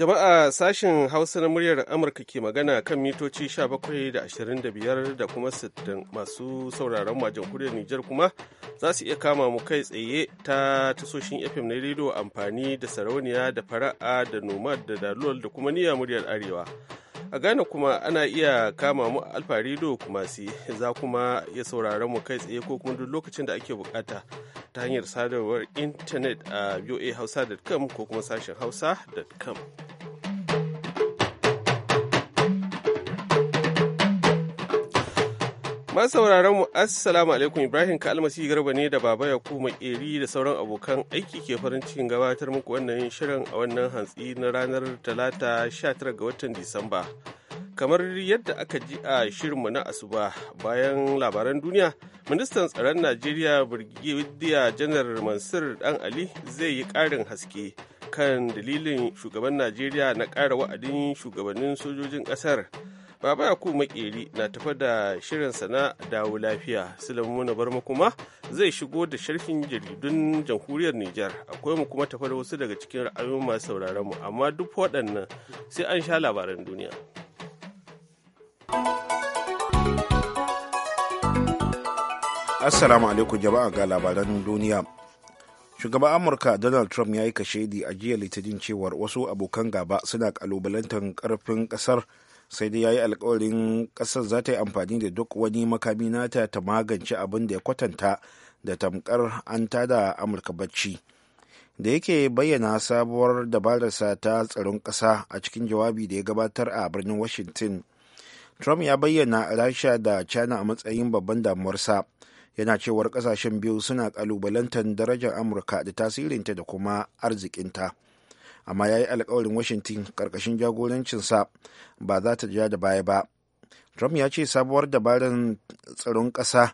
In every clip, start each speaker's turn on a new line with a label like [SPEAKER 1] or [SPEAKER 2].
[SPEAKER 1] Jama'a sashen Hausa na muryar Amurka ke magana kan mitoci 17 da 25 da kuma 60 masu sauraron ma jamhuriyar Nijar kuma za su iya kama mu kai tsaye ta tasoshin FM na rediyo amfani da sarauniya da fara'a da nomad da dalol da kuma niyya muryar Arewa. a Ghana kuma ana iya kama mu Alfa Radio kuma si za kuma ya sauraron mu kai tsaye ko kuma duk lokacin da ake bukata ta hanyar sadarwar intanet a voahausa.com ko kuma sashen hausa.com. sauraron mu assalamu alaikum Ibrahim ka almasi garba ne da baba ya kuma eri da sauran abokan aiki ke farin cikin gabatar muku wannan shirin a wannan hantsi na ranar talata 19 ga watan Disamba. Kamar yadda aka ji a shirinmu na asuba bayan labaran duniya, ministan tsaron Najeriya Birgidiya Janar Mansur Dan Ali zai yi ƙarin haske kan dalilin shugaban Najeriya na ƙara wa'adin shugabannin sojojin ƙasar. Baba ku Makeri na tafa da shirin sana dawo lafiya. Sulaimu bar kuma zai shigo da sharhin jaridun jamhuriyar Nijar. Akwai mu kuma tafa da wasu daga cikin ra'ayoyin masu sauraron mu, amma duk waɗannan sai an sha labaran duniya.
[SPEAKER 2] Assalamu alaikum jama'a ga labaran duniya. shugaban amurka donald trump ya yi kashedi a jiya litinin cewar wasu abokan gaba suna kalubalantar karfin kasar sai dai ya yi alkawarin kasar za ta yi amfani da duk wani makami nata ta magance abin da ya kwatanta da tamkar an tada amurka bacci da yake bayyana sabuwar dabararsa ta tsaron ƙasa a cikin jawabi da ya gabatar a birnin washington trump ya bayyana rasha da china a matsayin babban damuwarsa yana cewar ƙasashen biyu suna ƙalubalantar darajar amurka da tasirinta da kuma arzikinta. amma ya yi alkawarin washington karkashin jagorancinsa ba za ta ja da baya ba trump ya ce sabuwar dabarar tsaron ƙasa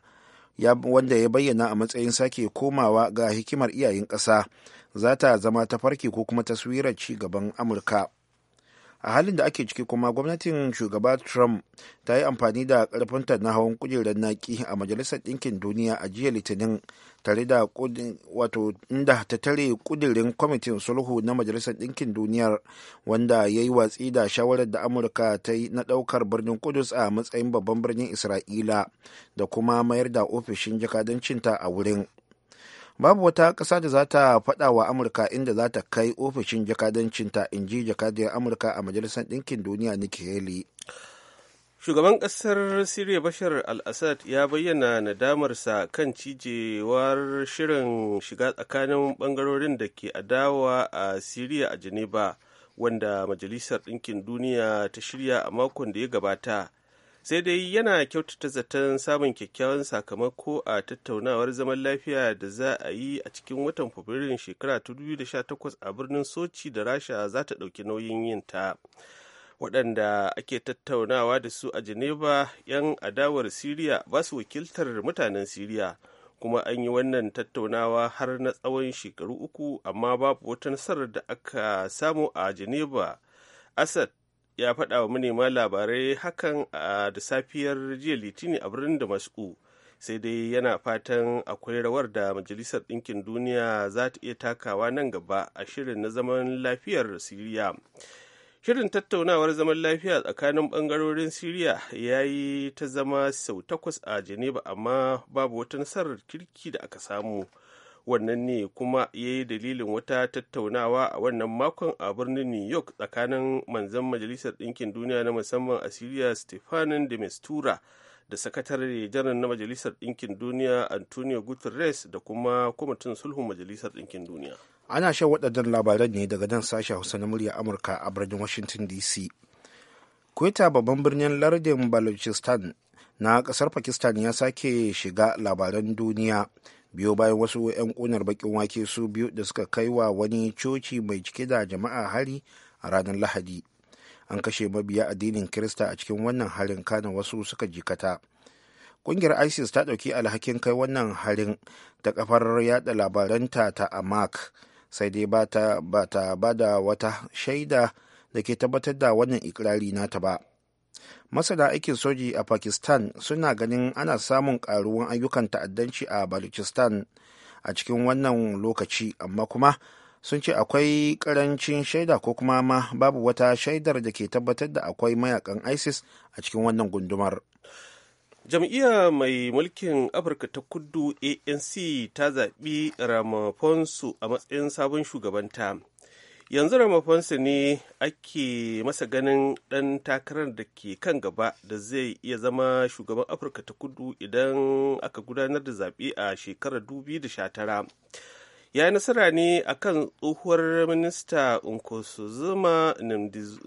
[SPEAKER 2] wanda ya bayyana a matsayin sake komawa ga hikimar iyayen ƙasa za ta zama ta farke ko kuma taswirar ci gaban amurka a halin da ake ciki kuma gwamnatin shugaba trump ta yi amfani da karfinta na hawan kujerar naki a majalisar ɗinkin duniya a jiya litinin tare da wato inda ta tare kudirin kwamitin sulhu na majalisar ɗinkin duniyar wanda ya yi watsi da shawarar da amurka ta yi na ɗaukar birnin kudus a matsayin babban birnin isra'ila da kuma mayar da ofishin jakadancinta a wurin babu wata ƙasa da za ta faɗa wa amurka inda za ta kai ofishin jakadancinta in ji jakadiyar amurka a majalisar ɗinkin duniya nikki haley
[SPEAKER 1] shugaban ƙasar siriya bashar al-assad ya bayyana nadamarsa kan cijewar shirin shiga tsakanin ɓangarorin da ke adawa a siriya a geneva wanda majalisar ɗinkin duniya ta shirya a makon da ya gabata sai dai yana kyautata zaton samun kyakkyawan sakamako a tattaunawar zaman lafiya da za a yi a cikin watan fabrairun shekara 2018 a birnin soci da rasha za ta ɗauki nauyin yin ta waɗanda ake tattaunawa da su a geneva 'yan adawar siriya ba su wakiltar mutanen siriya kuma an yi wannan tattaunawa har na tsawon shekaru uku amma babu wata nasarar da aka samu a geneva asad ya faɗa wa manema labarai hakan a da safiyar jiya litini a birnin da masu sai dai yana fatan akwai rawar da majalisar ɗinkin duniya za ta iya takawa nan gaba a shirin na zaman lafiyar siriya shirin tattaunawar zaman lafiya tsakanin ɓangarorin siriya ya yi ta zama sau takwas a geneva amma babu wata nasarar kirki da aka samu wannan ne kuma ya yi dalilin wata tattaunawa a wannan makon a birnin new york tsakanin manzan majalisar ɗinkin duniya na musamman a siriya stefanin de mistura da sakatare janar na majalisar ɗinkin duniya antonio guterres da kuma kwamitin sulhun majalisar ɗinkin duniya
[SPEAKER 2] ana shan waɗannan labaran ne daga nan sashe hausa na murya amurka a birnin washington dc kweta babban birnin lardin balochistan na ƙasar pakistan ya sake shiga labaran duniya biyo bayan wasu 'yan kunar bakin wake su biyu da suka kai wa wani coci mai cike da jama'a hari a ranar lahadi an kashe mabiya addinin kirista a cikin wannan harin kana wasu suka jikata kungiyar isis ta ɗauki alhakin kai wannan harin ta kafar yada labaranta ta amak sai dai ba ta ba wata shaida da ke tabbatar da wannan ikirari nata ba masana aikin soji a pakistan suna ganin ana samun karuwan ayyukan ta'addanci a baluchistan a cikin wannan lokaci amma kuma sun ce akwai karancin shaida ko kuma ma babu wata shaidar da ke tabbatar da akwai mayakan isis a cikin wannan gundumar
[SPEAKER 1] jam'iyya mai mulkin afirka ta kudu anc ta zaɓi ramaphosa a matsayin sabon shugabanta yanzu ramafansa ne ake masa ganin ɗan takarar da ke kan gaba da zai iya zama shugaban afirka ta kudu idan aka gudanar da zaɓe a shekarar 2019 ya yi nasara ne akan tsohuwar minista nkosuzuma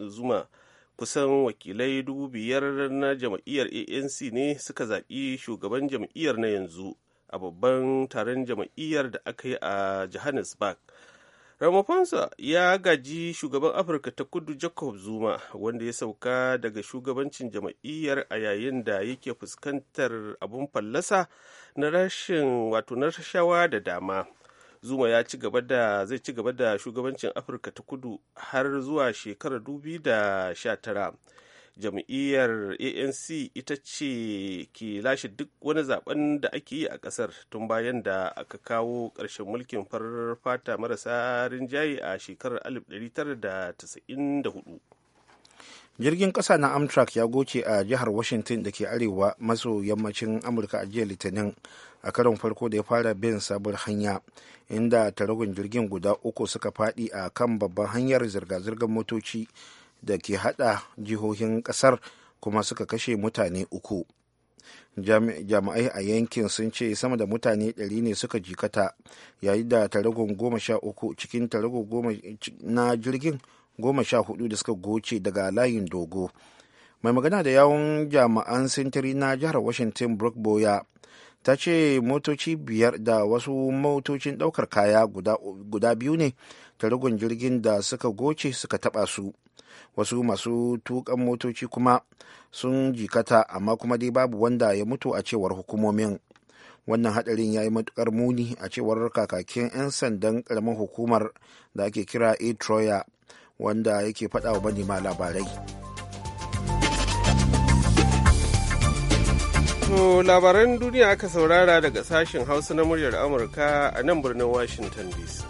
[SPEAKER 1] zuma kusan wakilai dubu biyar na jam'iyyar anc ne suka zaɓi shugaban jam'iyyar na yanzu a babban taron jam'iyyar da aka yi a johannesburg Ramaphosa ya gaji shugaban Afirka ta kudu Jacob Zuma wanda ya sauka daga shugabancin jama'iyyar a yayin da yake fuskantar abun fallasa na rashin wato na rashawa da dama. Zuma ya ci gaba da zai ci gaba da shugabancin Afirka ta kudu har zuwa shekarar 2019. jam'iyyar anc ita ce ke lashe duk wani zaben da ake yi a kasar tun bayan da aka kawo ƙarshen mulkin farfata fata marasa rinjaye a shekarar 1994
[SPEAKER 2] jirgin ƙasa na amtrak ya goce a jihar washington da ke arewa maso yammacin amurka a jiya litinin a karon farko da ya fara bin sabuwar hanya inda taragun jirgin guda uku suka faɗi a kan babban hanyar zirga-zirgar motoci da ke hada jihohin kasar kuma suka kashe mutane uku jami'ai a yankin sun ce sama da mutane 100 ne suka jikata yayin da taragon goma sha uku cikin taragon goma na jirgin goma sha hudu da suka goce daga layin dogo mai magana da yawon jami'an sintiri na jihar washington brook boya ta ce motoci biyar da wasu motocin daukar kaya guda, biyu ne taragon jirgin da suka goce suka taba su wasu masu tukan motoci kuma sun jikata amma kuma dai babu wanda ya mutu a cewar hukumomin wannan hadarin ya yi matukar muni a cewar kakakin 'yan sandan karamin hukumar da ake kira a troya wanda yake faɗawa wa manema labarai labaran duniya aka saurara daga
[SPEAKER 1] sashen hausa na muryar amurka a nan birnin washington dc.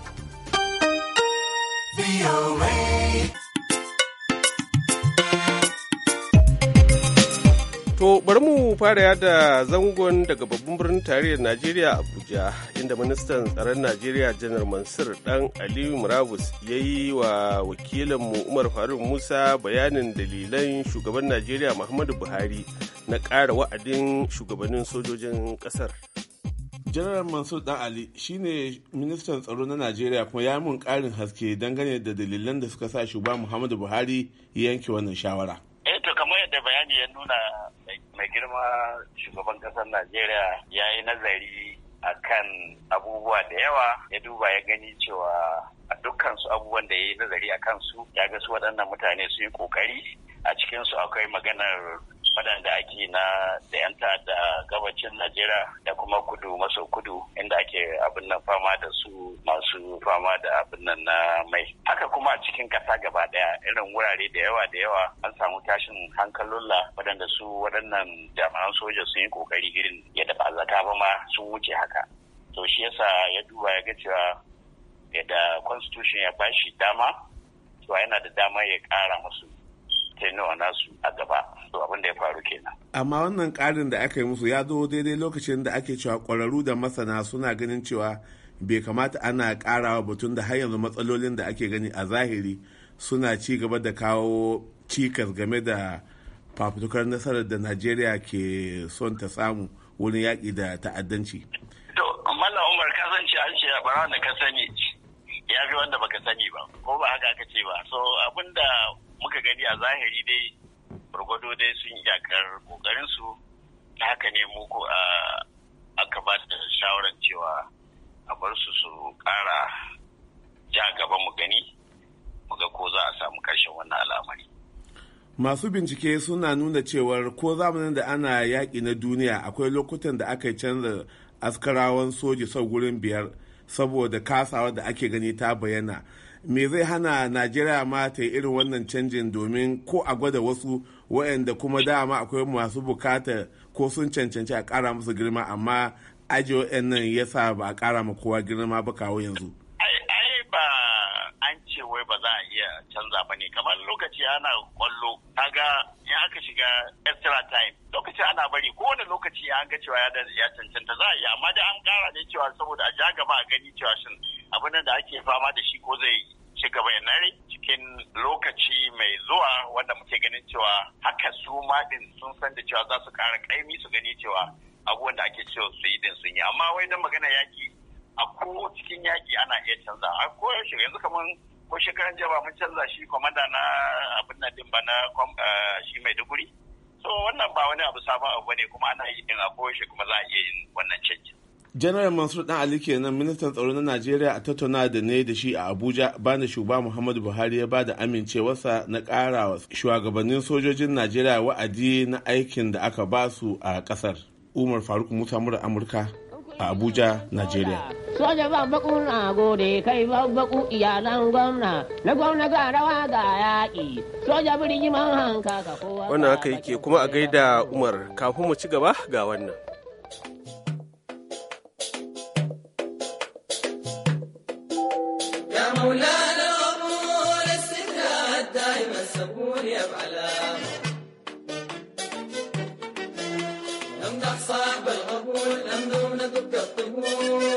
[SPEAKER 1] To bari mu fara yada zangon daga babban birnin tarayyar Najeriya Abuja inda ministan tsaron Najeriya Janar Mansur Dan Aliyu Murabus ya yi wa wakilinmu Umar Faruk Musa bayanin dalilan shugaban Najeriya Muhammadu Buhari na ƙara wa'adin shugabannin sojojin ƙasar.
[SPEAKER 3] General Mansur Dan Ali shine ministan tsaro na Najeriya kuma ya mun ƙarin haske dangane da dalilan da suka sa shugaba Muhammadu Buhari ya yanke wannan shawara.
[SPEAKER 4] to kamar yadda bayani ya nuna mai girma shugaban kasar najeriya ya yi nazari a kan abubuwa da yawa ya duba ya gani cewa a dukkan su abubuwan da ya yi nazari a kansu ya ga su waɗannan mutane su yi ƙoƙari a cikinsu akwai maganar waɗanda ake na da 'yan da gabacin Najeriya da kuma kudu maso kudu inda ake abin nan fama da su masu fama da abin nan na mai. Haka kuma a cikin ƙasa gaba ɗaya irin wurare da yawa da yawa an samu tashin hankalola waɗanda su waɗannan jami'an soja sun yi ƙoƙari irin yadda ba zata ba ma sun wuce haka. To shi yasa ya duba ya ga cewa yadda constitution ya bashi dama to yana da dama ya ƙara musu nawa nasu a gaba to abin da ya
[SPEAKER 3] faru kenan amma wannan karin da aka yi musu ya zo daidai lokacin da ake cewa kwararru da masana suna ganin cewa bai kamata ana karawa batun da har yanzu matsalolin da ake gani a zahiri suna ci gaba da kawo cikas game da fafutukar nasarar da najeriya ke son ta samu wurin yaƙi da ta'addanci
[SPEAKER 4] to mallam umar ka san an ce a bara da ka sani ya fi wanda baka sani ba ko ba haka aka ce ba so abinda muka gani a zahiri dai gwargwado dai sun iyakar kokarin su ta haka ne mu ko aka ba da shawarar cewa a bar su su kara ja gaba mu gani mu ga ko za a samu karshen wannan al'amari
[SPEAKER 3] masu bincike suna nuna cewar ko zamanin da ana yaƙi na duniya akwai lokutan da aka canza askarawan soji sau gurin biyar saboda kasawa da ake gani ta bayyana me zai hana najeriya ma ta yi irin wannan canjin domin ko a gwada wasu waɗanda kuma dama akwai masu bukata ko sun cancanci a ƙara musu girma amma ajiyoyin nan ya sa ba a ƙara ma kowa girma ba kawo yanzu
[SPEAKER 4] wai ba iya canza ba ne kamar lokaci ana kaga in aka shiga extra time lokaci ana bari kowane lokaci an ga cewa ya cancanta za a yi amma da an ƙara ne cewa saboda a ja gaba a gani cewa shin abin da ake fama da shi ko zai ci gaba ya nare cikin lokaci mai zuwa wanda muke ganin cewa haka su maɗin sun san da cewa za su ƙara ƙaimi su gani cewa abubuwan da ake cewa su yi din sun yi amma wai don magana yaƙi a ko cikin yaƙi ana iya canza a ko yaushe yanzu kamar ko shekaran jaba mun canza shi kwamanda na abin nan din ba na eh, shi mai duguri so wannan ba wani abu sabon abu ne kuma ana yi din a ko yaushe kuma za a iya yin wannan canjin
[SPEAKER 3] General Mansur Dan Ali kenan ministan tsaro na Najeriya a tattauna da ne da shi a Abuja bani shugaba Muhammadu Buhari ya bada amincewarsa na wa shugabannin sojojin Najeriya wa'adi na aikin da aka ba su a kasar. Umar Faruk Musa mura Amurka a Abuja, Najeriya.
[SPEAKER 5] Soja ba baku na gode kai ba baku iyalan gwamna na gwamna ga ga yaƙi soja birgiman hanka ka kowa.
[SPEAKER 1] Wannan yi yake kuma a gaida Umar kafin mu ci gaba ga wannan.
[SPEAKER 5] نمدح صاحب القبول نمدح ندق الطبول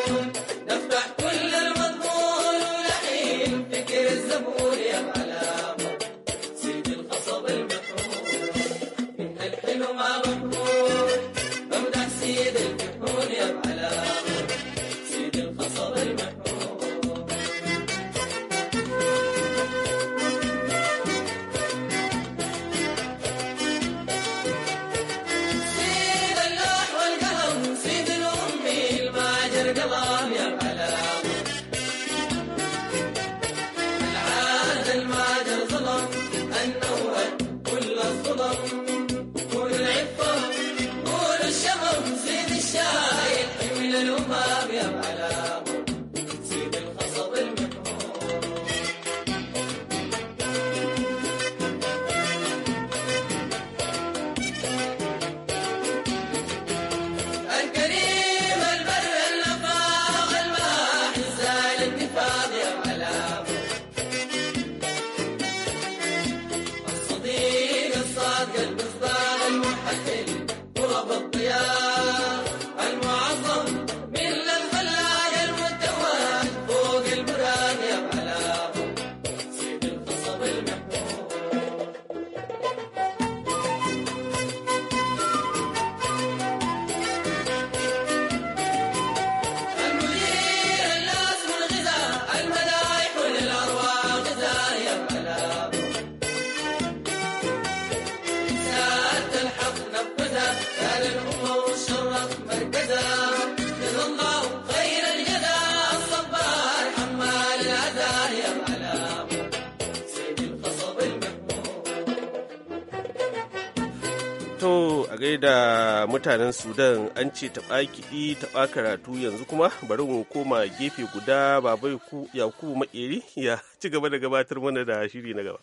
[SPEAKER 1] dai da mutanen sudan an ce taɓa kiɗi taɓa karatu yanzu kuma bari mu koma gefe guda babai yakubu makeri ya ci gaba da gabatar mana da shiri na gaba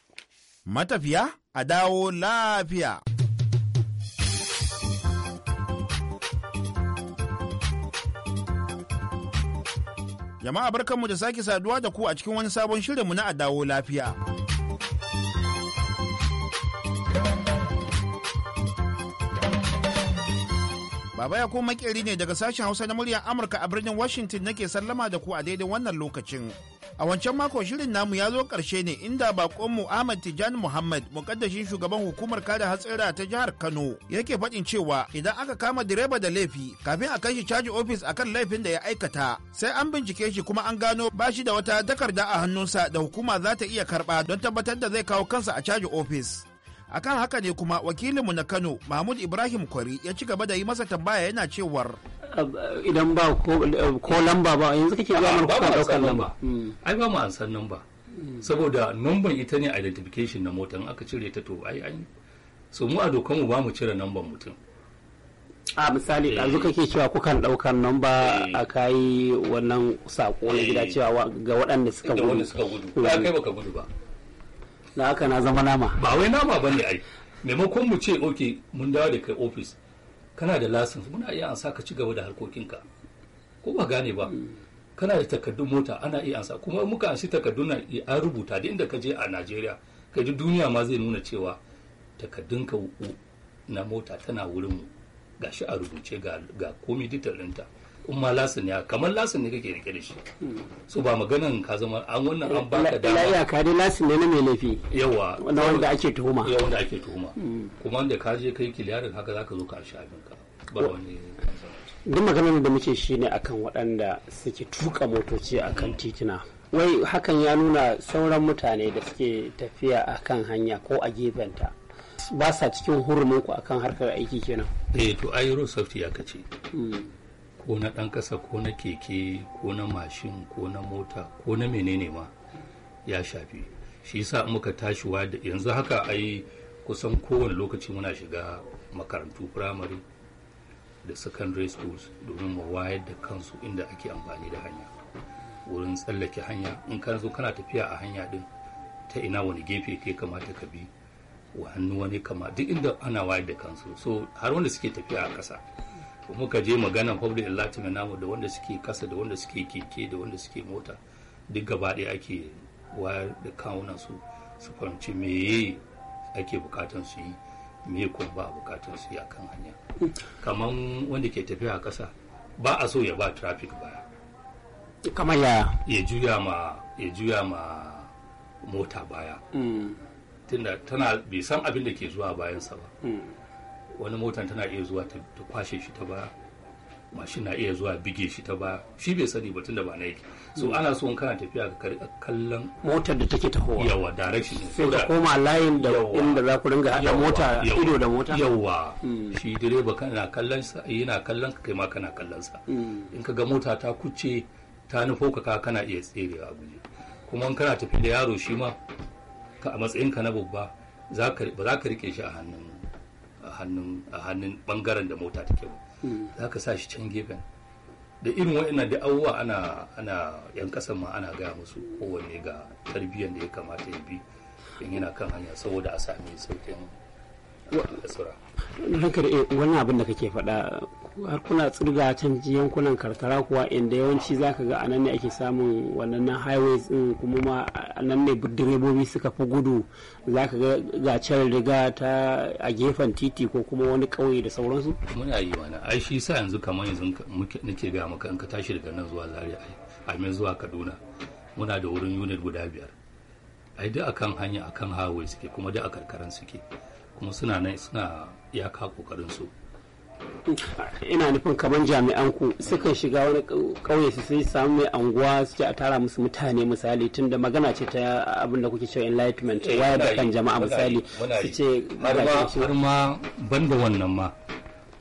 [SPEAKER 2] matafiya a dawo lafiya jama'a barkanmu da sake saduwa da ku a cikin wani sabon shirinmu na a dawo lafiya Baba ya kuma makeri ne daga sashen Hausa na muryar Amurka a birnin Washington nake sallama da ku a daidai wannan lokacin. A wancan mako shirin namu ya zo ƙarshe ne inda bakonmu Ahmad Tijani Muhammad muƙaddashin shugaban hukumar kada hatsira ta jihar Kano yake faɗin cewa idan aka kama direba da laifi kafin a kai shi caji ofis a kan laifin da ya aikata sai an bincike shi kuma an gano ba shi da wata takarda a hannunsa da hukuma za ta iya karɓa don tabbatar da zai kawo kansa a caji ofis. akan haka ne kuma wakilinmu na kano mahmud ibrahim kwari ya ci gaba da yi masa tambaya yana cewar idan ba
[SPEAKER 6] ko lamba ba yanzu
[SPEAKER 2] kake zuwa ko kan daukar lamba
[SPEAKER 7] hmm. ai ba mu an san lamba saboda numban ita ne identification na motan aka cire ta to ai an so mu a dokan mu ba mu cire numban mutum a misali
[SPEAKER 6] eh. yanzu kake cewa kukan ɗaukar namba eh. a kai wannan sako na gida eh. cewa ga waɗanda suka hmm. gudu ba kai baka
[SPEAKER 7] gudu ba da haka na zama nama ba wai nama ba ne ai maimakon mu ce oke mun dawo da kai ofis kana da lasin muna iya ansa ka ci gaba da harkokinka ko ba gane ba kana da takardun mota ana iya ansa kuma muka ansi takardun na an rubuta da inda ka je a Najeriya ka ji duniya ma zai nuna cewa takardunka na mota tana wurin mu gashi a rubuce ga komi detail ɗinta in ma lasin ya kamar lasin ne kake rike da shi so ba maganan ka zama an wannan an ka dama
[SPEAKER 6] ya ka dai lasin ne na mai laifi
[SPEAKER 7] yawa wanda wanda ake tuhuma yawa wanda ake tuhuma hmm. kuma da ka je kai kiliyarin haka zaka zo ka shi abin ka ba wani
[SPEAKER 6] duk maganan da muke shi ne akan waɗanda suke tuka motoci akan titina wai hakan ya nuna sauran mutane da suke tafiya akan hanya ko a gefenta ba sa cikin huruminku
[SPEAKER 7] akan harkar aiki kenan eh to ayro safety ya kace hmm. ko na ɗan ƙasa ko na keke ko na mashin ko na mota ko na menene ma ya shafi shi sa muka tashi da yanzu haka ai kusan kowane lokaci muna shiga makarantu firamare da secondary schools domin mu wayar da kansu inda ake amfani da hanya wurin tsallake hanya in ka zo kana tafiya a hanya din ta ina wani gefe kai kamata ka bi wa hannu wani kama duk inda ana wayar da kansu so har wanda suke tafiya a ƙasa muka je magana public enlightenment namu da wanda suke kasa da wanda suke keke da wanda suke mota duk gaba ɗaya ake wayar da kawunan su su fahimci me ake bukatan su yi me kuma ba bukatan su yi akan hanya kamar wanda ke tafiya a ƙasa ba a so ya ba traffic baya kamar ya ya juya ma ya juya ma mota baya mm. tunda tana bai san abin da ke zuwa bayansa ba mm. wani motan tana iya zuwa ta kwashe shi ta ba mashin na iya zuwa bige shi ta ba shi bai sani ba da ba na yake so hmm. ana so kana tafiya ga kallon
[SPEAKER 6] motar da take hawa yawa direction sai ta koma layin da inda za ku ringa hada mota ido da mota yawa
[SPEAKER 7] hmm. shi direba kana kallon sa yana kallon ka kai ma kana kallon sa hmm. in ka ga mota ta kuce ta nufo ka ka kana iya tserewa a guje kuma in kana tafi da yaro shi ma a matsayin ka na babba ba za ka rike shi a hannun mu. a hannun bangaren da mota take hmm. za ka sa shi can gefen da irin wa'ina da abubuwa ana ana yan kasan ma ana gaya musu kowanne ga tarbiyyar da ya kamata ya bi in yana kan hanya saboda a sami sauƙin asura.
[SPEAKER 6] Ranka da eh, wannan abin da kake faɗa har kuna tsirga can yankunan karkara kuwa inda yawanci zaka ga anan ne ake samun wannan highways din kuma ma anan ne direbobi suka fi gudu zaka ga can riga ta a gefen titi
[SPEAKER 7] ko kuma wani kauye da sauransu muna yi wani ai shi sa yanzu kamar yanzu nake ga maka in ka tashi daga nan zuwa Zaria ai zuwa Kaduna muna da wurin unit guda biyar ai duk akan hanya akan highway suke kuma duk a karkaran suke kuma suna nan suna iyaka kokarin su
[SPEAKER 6] ina nufin kamar jami'an ku sukan shiga wani ƙauye su sai samu mai anguwa su ce a tara musu mutane misali tunda magana ce ta abin da kuke cewa enlightenment eh, waya da kan jama'a misali su ce har ma
[SPEAKER 7] banda wannan ma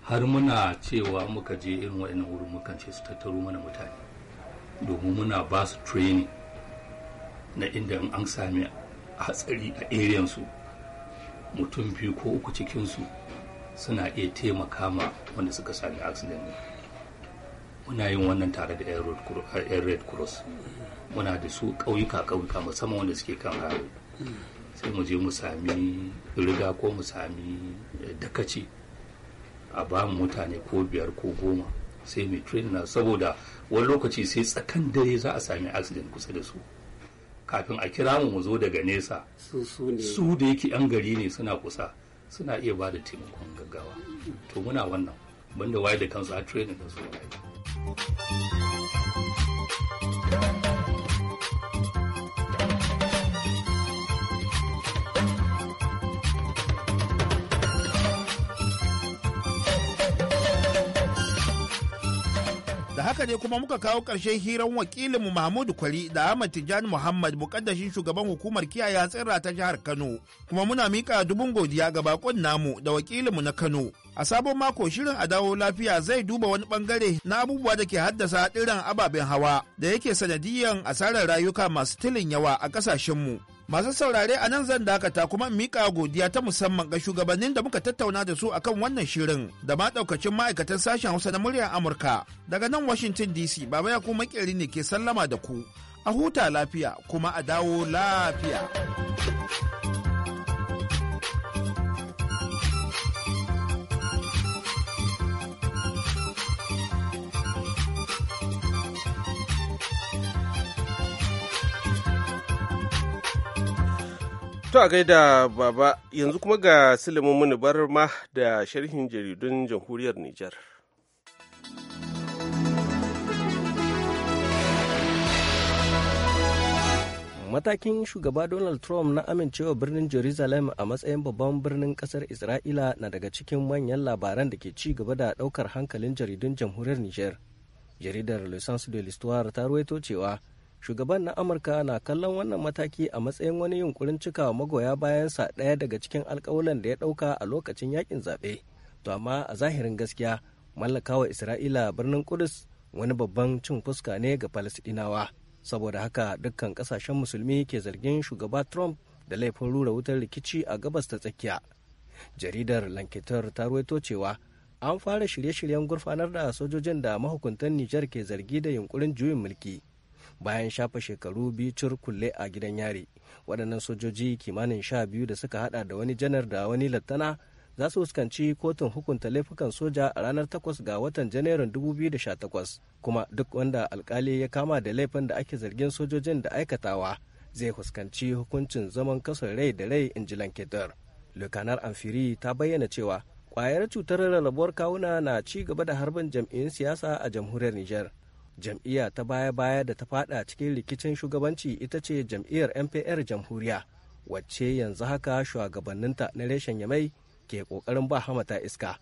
[SPEAKER 7] har muna cewa muka je irin waɗannan wurin mukan ce su tattaro mana mutane domin muna ba su training na inda an sami hatsari a su mutum biyu ko uku cikinsu suna iya taimaka ma wanda suka sami accident ne. muna yin wannan tare da air red cross muna da su ƙauyuka ƙauyuka musamman wanda suke kan haro sai mu je mu sami riga ko mu sami eh, dakaci a ba mu mutane ko biyar ko goma sai mai train na saboda wani lokaci sai tsakan dare za a sami accident kusa da su kafin a kira mu mu zo daga nesa su da yake yan gari ne suna kusa suna iya ba da taimakon gaggawa to muna wannan banda waye da kansu a training da su
[SPEAKER 2] haka ne kuma muka kawo ƙarshen hiran wakilinmu Mahmudu Kwari da Ahmad Tijjani Muhammad mukaddashin shugaban hukumar kiyaye hatsin ta jihar Kano. Kuma muna mika dubun godiya ga bakon namu da wakilinmu na Kano. A sabon mako shirin a dawo lafiya zai duba wani bangare na abubuwa da ke haddasa irin ababen hawa da yake sanadiyan asarar rayuka masu tilin yawa a ƙasashenmu. Masu saurare a nan zan dakata kuma miƙa godiya ta musamman ga shugabannin da muka tattauna da su akan wannan shirin da ma daukacin ma'aikatan sashen Hausa na muryar Amurka. Daga nan Washington DC, Baba ya kuma makeri ne ke sallama da ku. A huta lafiya kuma a dawo lafiya.
[SPEAKER 1] To a gaida baba yanzu kuma ga silimin Muni Barma da sharhin jaridun jamhuriyar Nijar.
[SPEAKER 8] Matakin shugaba Donald Trump na amincewa birnin Jerusalem a matsayin babban birnin kasar Isra'ila na daga cikin manyan labaran da ke ci gaba da daukar hankalin jaridun jamhuriyar Nijar. Jaridar Le de l'Histoire ta ruwaito cewa shugaban na amurka na kallon wannan mataki a matsayin wani yunkurin cika magoya bayansa ɗaya daga cikin alkawulan da ya ɗauka a lokacin yakin zaɓe to amma a zahirin gaskiya mallakawa isra'ila birnin kudus wani babban cin fuska ne ga falasɗinawa saboda haka dukkan ƙasashen musulmi ke zargin shugaba trump da laifin rura wutar rikici a gabas ta tsakiya jaridar lanketar ta ruwaito cewa an fara shirye-shiryen gurfanar da sojojin da mahukuntan nijar ke zargi da yunkurin juyin mulki bayan shafa shekaru biyu cur kulle a gidan yari waɗannan sojoji kimanin sha biyu da suka hada da wani janar da wani lattana za su fuskanci kotun hukunta laifukan soja a ranar 8 ga watan janairun 2018 kuma duk wanda alkali ya kama da laifin da ake zargin sojojin da aikatawa zai fuskanci hukuncin zaman kasar rai da rai in ji lanketar lukanar amfiri ta bayyana cewa kwayar cutar rarrabuwar kawuna na ci gaba da harbin jam'iyyun siyasa a jamhuriyar niger jam'iyya ta baya-baya da ta fada cikin rikicin shugabanci ita ce jam'iyyar mpr jamhuriya wacce yanzu haka shugabanninta na reshen yamai ke kokarin ba hamata iska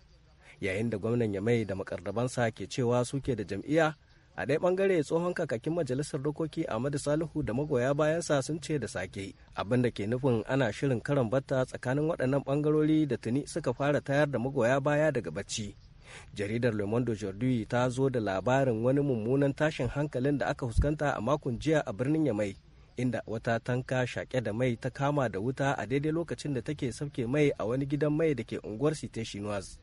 [SPEAKER 8] yayin da gwamnan yamai da makardabansa ke cewa suke da jam'iyya a ɗaya ɓangare tsohon kakakin majalisar dokoki ahmadu salihu da magoya bayansa sun ce da sake abin da ke nufin ana shirin karambata tsakanin waɗannan ɓangarori da tuni suka fara tayar da magoya baya daga bacci jaridar le monde aujourd'hui ta zo da labarin wani mummunan tashin hankalin da aka fuskanta a makon jiya a birnin yamai inda wata tanka shaƙe da mai ta kama da wuta a daidai lokacin da take sauke mai a wani gidan mai da ke unguwar site chinoise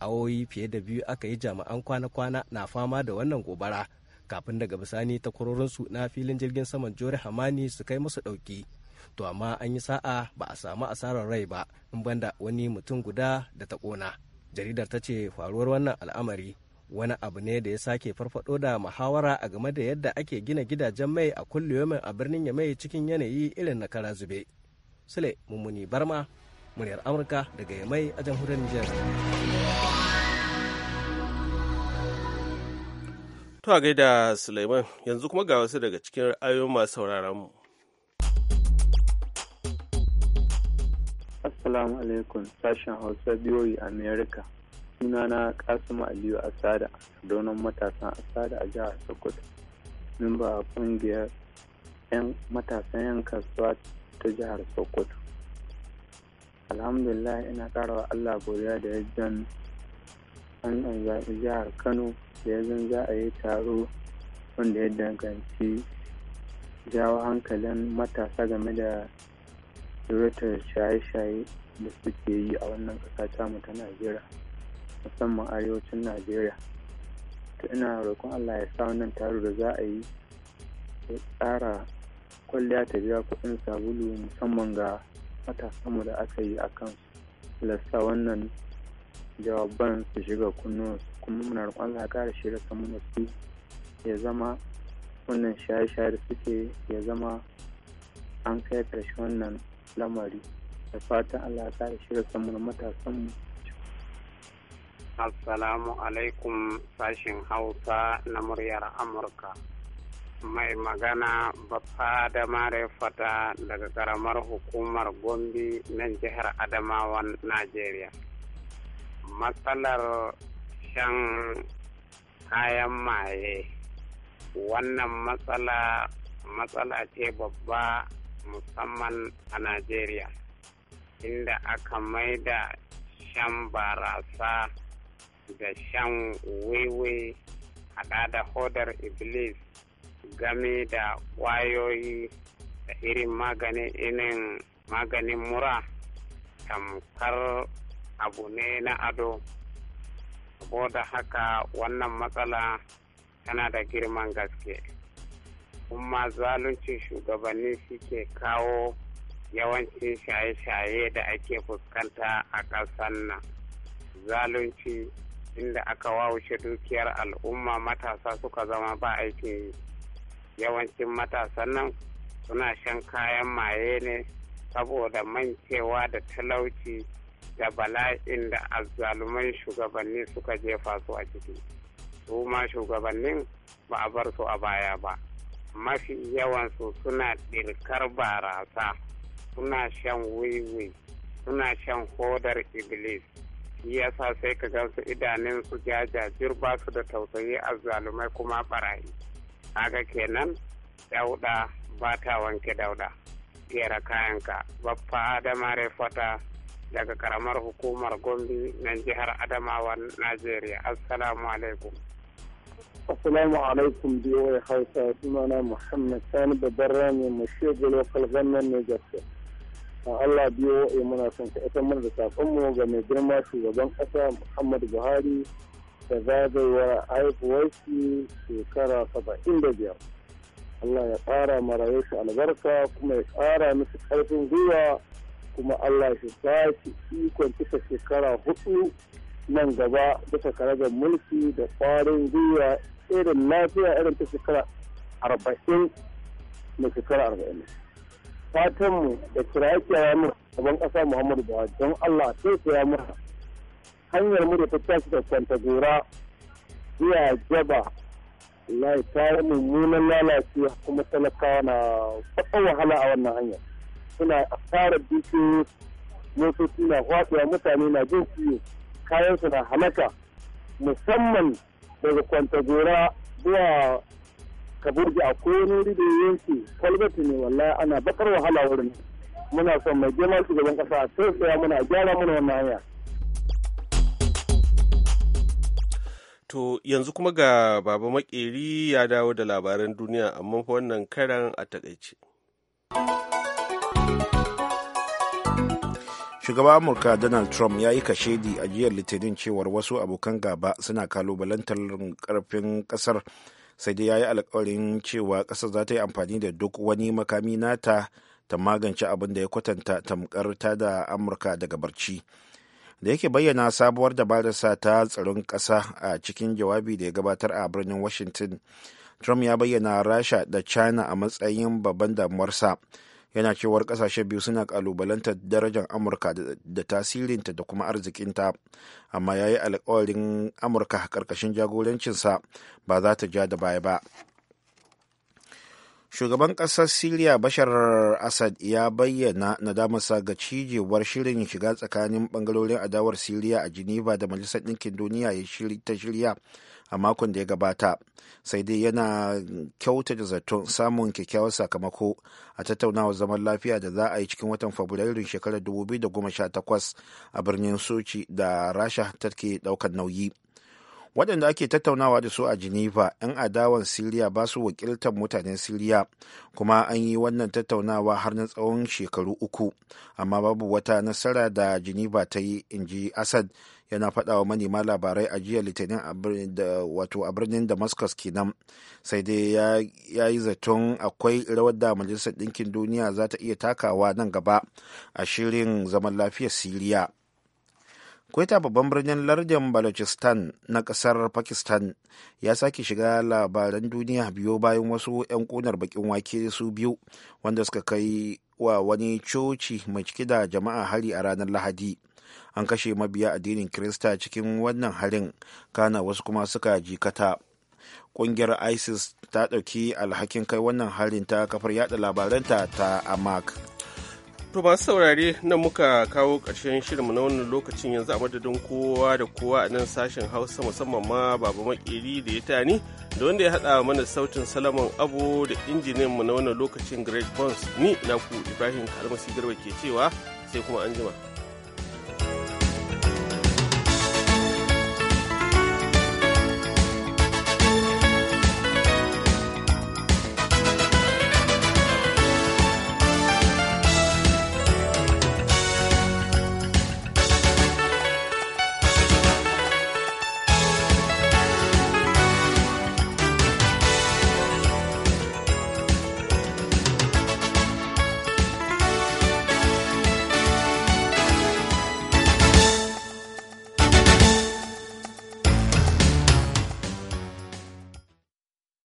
[SPEAKER 8] awoyi fiye da biyu aka yi jami'an kwana-kwana na fama da wannan gobara kafin daga bisani su na filin jirgin saman jori hamani su kai musu ɗauki to amma an yi sa'a ba a samu asarar rai ba in banda wani mutum guda da ta ƙona jaridar ta ce faruwar wannan al'amari wani abu ne da ya sake farfado da muhawara a game da yadda ake gina gidajen mai a kulliyomin a birnin ya mai cikin yanayi irin na kara zube sule mummuni barma muryar amurka daga ya mai a jamhuriyar niger
[SPEAKER 1] to a gaida suleiman yanzu kuma ga wasu daga cikin ra'ayoyin masu sauraron mu
[SPEAKER 9] Assalamu alaikum sashen Hausa biyoyi Amerika. Sunana Kasimu Aliyu Asada, donon matasan Asada a jihar Sokoto. Mimba a kungiyar 'yan matasan 'yan kasuwa ta jihar Sokoto. Alhamdulillah ina karawa Allah godiya da yadda an zaɓi jihar Kano da zan za a yi taro wanda ya danganci jawo hankalin matasa game da yawaitar shaye-shaye da suke yi a wannan ƙasa tamu ta najeriya musamman arewacin najeriya to ina roƙon allah ya sa wannan taro da za a yi ya tsara kwalliya ta biya kuɗin sabulu musamman ga matasanmu da aka yi a kan lassa wannan jawaban su shiga kunnuwansu kuma muna roƙon allah ya ƙara shirya samu su ya zama wannan shaye-shaye da suke ya zama an kai ƙarshe wannan lamari da fatan Allah ya kare shi samun matasan mu
[SPEAKER 10] Assalamu alaikum sashin Hausa na muryar Amurka. Mai magana Baffa da Mare Fata daga karamar hukumar Gombe na jihar Adamawan Najeriya. Matsalar shan kayan maye wannan matsala matsala ce babba musamman a Najeriya, inda aka maida shan barasa da shan wiwi haɗa da hodar Iblis game da ƙwayoyi da irin maganin inin maganin mura tamkar abu ne na ado. Saboda haka wannan matsala tana da girman gaske. kuma zalunci shugabanni suke kawo yawancin shaye-shaye da ake fuskanta a ƙasar nan zalunci inda aka wawushe dukiyar al'umma matasa suka zama ba aikin yi yawancin matasan nan suna shan kayan maye ne saboda mancewa da talauci da bala'in da azzaluman shugabanni suka jefa su a ciki su ma shugabannin ba a bar su a baya ba mafi yawansu suna ɗirkar barasa suna shan wiwi suna shan hodar iblis shi yasa sai ka gansu idanunsu jajajir ba su da tausayi a zalumai kuma barayi haka kenan dauda ba ta wanke dauda gera kayanka baffa adamare fata daga karamar hukumar gombe na jihar adamawa najeriya assalamu alaikum
[SPEAKER 11] Assalamu alaikum biyoyi Hausa sunana Muhammad Sani babban rami mai shege local government ne gaske. A Allah biyo a muna son ka ita mana da saƙonmu ga mai girma shugaban ƙasa Muhammad Buhari da zagayewa haihuwarki shekara saba'in inda biyar. Allah ya ƙara marayu shi albarka kuma ya ƙara musu ƙarfin gwiwa kuma Allah shi ba ikon cika shekara huɗu nan gaba bisa karagar mulki da ƙwarin gwiwa irin lafiya irin ta shekara arba'in da shekara arba'in fatanmu da kiraye kiraye mu gaban ƙasa muhammadu buhari don allah sai ya mu hanyar mu da ta tashi da kwanta gora zuwa jaba wallahi ta yi mummunan lalacewa kuma talakawa na faɗa wahala a wannan hanyar suna fara dukiyoyi motoci na faɗuwa mutane na jin ciwo kayansu na halaka musamman daga kwantagora zuwa kaburgi a kone wuri da yanki kwalbati ne wallahi ana bakar wahala wurin muna son mai girma shugaban kasa a tausaya muna gyara muna wannan hanya
[SPEAKER 1] To yanzu kuma ga Baba Makeri ya dawo da labaran duniya amma wannan karan a takaice.
[SPEAKER 2] shugaban amurka donald trump ya yi kashedi a jiyar litinin cewar wasu abokan gaba suna kalubalantar karfin kasar sai dai ya yi alkawarin cewa kasar za ta yi amfani da duk wani makami nata ta magance abin da ya kwatanta tamkar ta da amurka daga barci da yake bayyana sabuwar dabararsa ta tsaron kasa a cikin jawabi da ya gabatar a birnin washington trump ya bayyana rasha da china a matsayin babban damuwarsa yana cewar kasashen biyu suna kalubalanta darajar amurka da tasirinta da kuma arzikinta amma ya yi alkawarin amurka karkashin jagorancinsa ba za ta ja da baya ba shugaban kasar siriya bashar assad ya bayyana nadamarsa ga cijewar shirin shiga tsakanin ɓangarorin adawar siriya a geneva da majalisar ɗinkin duniya ya ta shirya a makon da ya gabata sai dai yana kyauta da zaton samun kyakkyawar sakamako a tattaunawar zaman lafiya da za a yi cikin watan fabrairun shekarar 2018 a birnin soci da rasha take daukar nauyi waɗanda ake tattaunawa da su a geneva 'yan adawan siriya ba su wakiltar mutanen siriya kuma an yi wannan tattaunawa har na tsawon shekaru uku amma babu wata nasara da geneva ta yi in ji asad yana faɗawa manema labarai a jiya litinin a birnin damascus kenan sai dai ya yi zaton akwai rawar da majalisar ɗinkin duniya za ta iya takawa nan gaba a shirin zaman lafiyar siriya kwaita babban birnin lardin balochistan na kasar pakistan ya sake shiga labaran duniya biyo bayan wasu 'yan kunar bakin wake su biyu wanda suka kai wa wani coci mai cike da jama'a hari a ranar lahadi an kashe mabiya addinin kirista cikin wannan harin kana wasu kuma suka jikata kungiyar isis ta ɗauki alhakin kai wannan harin ta kafar yada labaranta ta amak
[SPEAKER 1] to masu saurare nan muka kawo ƙarshen shirinmu na wannan lokacin yanzu a madadin kowa da kowa a nan sashen hausa musamman ma baba makeri da ya tani da wanda ya haɗa mana sautin salaman abu da injinin mu na wannan lokacin great bonds ni naku ibrahim kalmasi garba ke cewa sai kuma anjima.